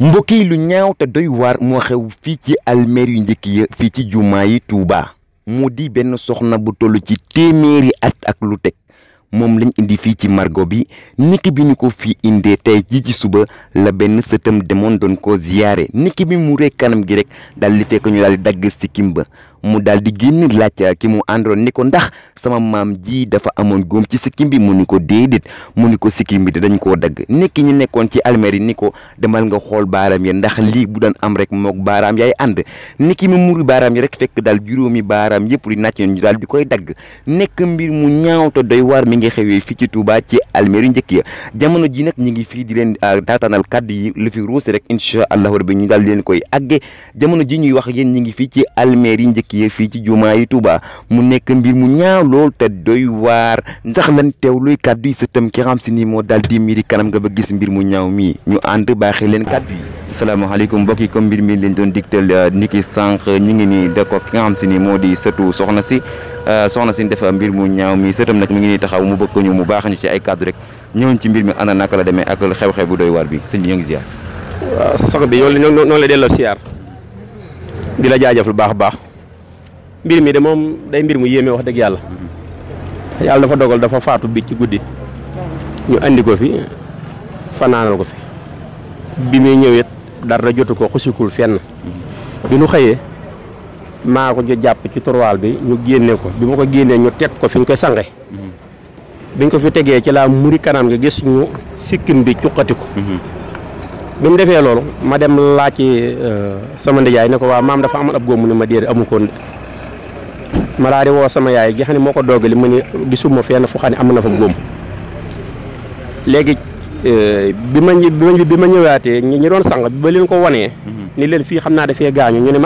mbokk yi lu ñaaw te doy war moo xew fii ci almeer yu njëkk ya fii ci jumaa yi Touba mu di benn soxna bu toll ci téeméeri at ak lu teg moom lañ indi fii ci margo bi niki bi ñu ko fii indee tey jii ci suba la benn sëtam demoon doon ko ziyaare niki bi mu rek kanam gi rek daal di fekk ñu daal di dagg sikkim ba mu daal di génn laaj eh, ki mu àndaloon ni ndax sama maam ji dafa amoon góom ci sikkim bi mu ni ko déedéet mu ni ko sikkim bi dañ koo dagg nekk ñi nekkoon ci almeer yi ni ko demal nga xool baaraam ya ndax lii bu daan am rek moog baaraam yaay ànd nekki mu muri baaraam yi rek fekk daal juróomi baaraam yëpp di nàcc ñu daal di koy dagg nekk mbir mu ñaaw te doy mi ngi xewee fii ci Touba ci almeer njëkk ya jamono ji nag ñi ngi fii di leen daataanal eh, kàddu yi lu fi ruuse rek incha allahu rabbi ñu daal di leen koy àgge jamono ji ñuy wax yéen ñu ngi fii ci yi njëkk ki fi ci juma yi Touba mu nek mbir mu ñaaw lol te doy war ndax lan teewluy kàddu yi sëtam ki xam si ni mo daal di miri kanam nga ba gis mbir mu ñaaw mi ñu and baaxee len kaddu yi mbokk yi mbir mi len doon diktel euh, niki sank ñi ngi ni de ko ki xam si ni modi di soxna si euh, soxna si def mbir mu ñaaw mi sëtam nak mi ngi ni taxaw mu bëkk ñu mu baax ñu ci ay kaddu rek ci mbir mi ana nak la démé ak xew-xew bu doy war bi señ ñi ngi ziar sax bi ñoo la delloo siyaar dila la lu baax baax mbir mi de moom day mbir mu yéeme wax dëgg yàlla yàlla dafa dogal dafa faatu bi ci guddi ñu andi ko fi fanaanal ko fi bi muy ñëwee dara jotu ko xusikul fenn bi nu xëyee maa ko jàpp ci turwaal bi ñu génne ko bi ma ko génnee ñu teg ko fi ñu koy sange biñ ko fi tegee ci muri kanam nga gis ñu sikkim bi cuqati ko bi mu ma dem laa ci euh, sama ndijaay ne ko waa maam dafa ab ma amu ma daal woo sama yaay gi xam ne moo ko doog doggali mu ne gisuma fenn fu xam ne am na fa góom léegi euh, bi ma bi ma ñëwaatee ñi doon sang bi ba leen ko wanee mm-hmm. ni leen fii xam naa dafee gaañu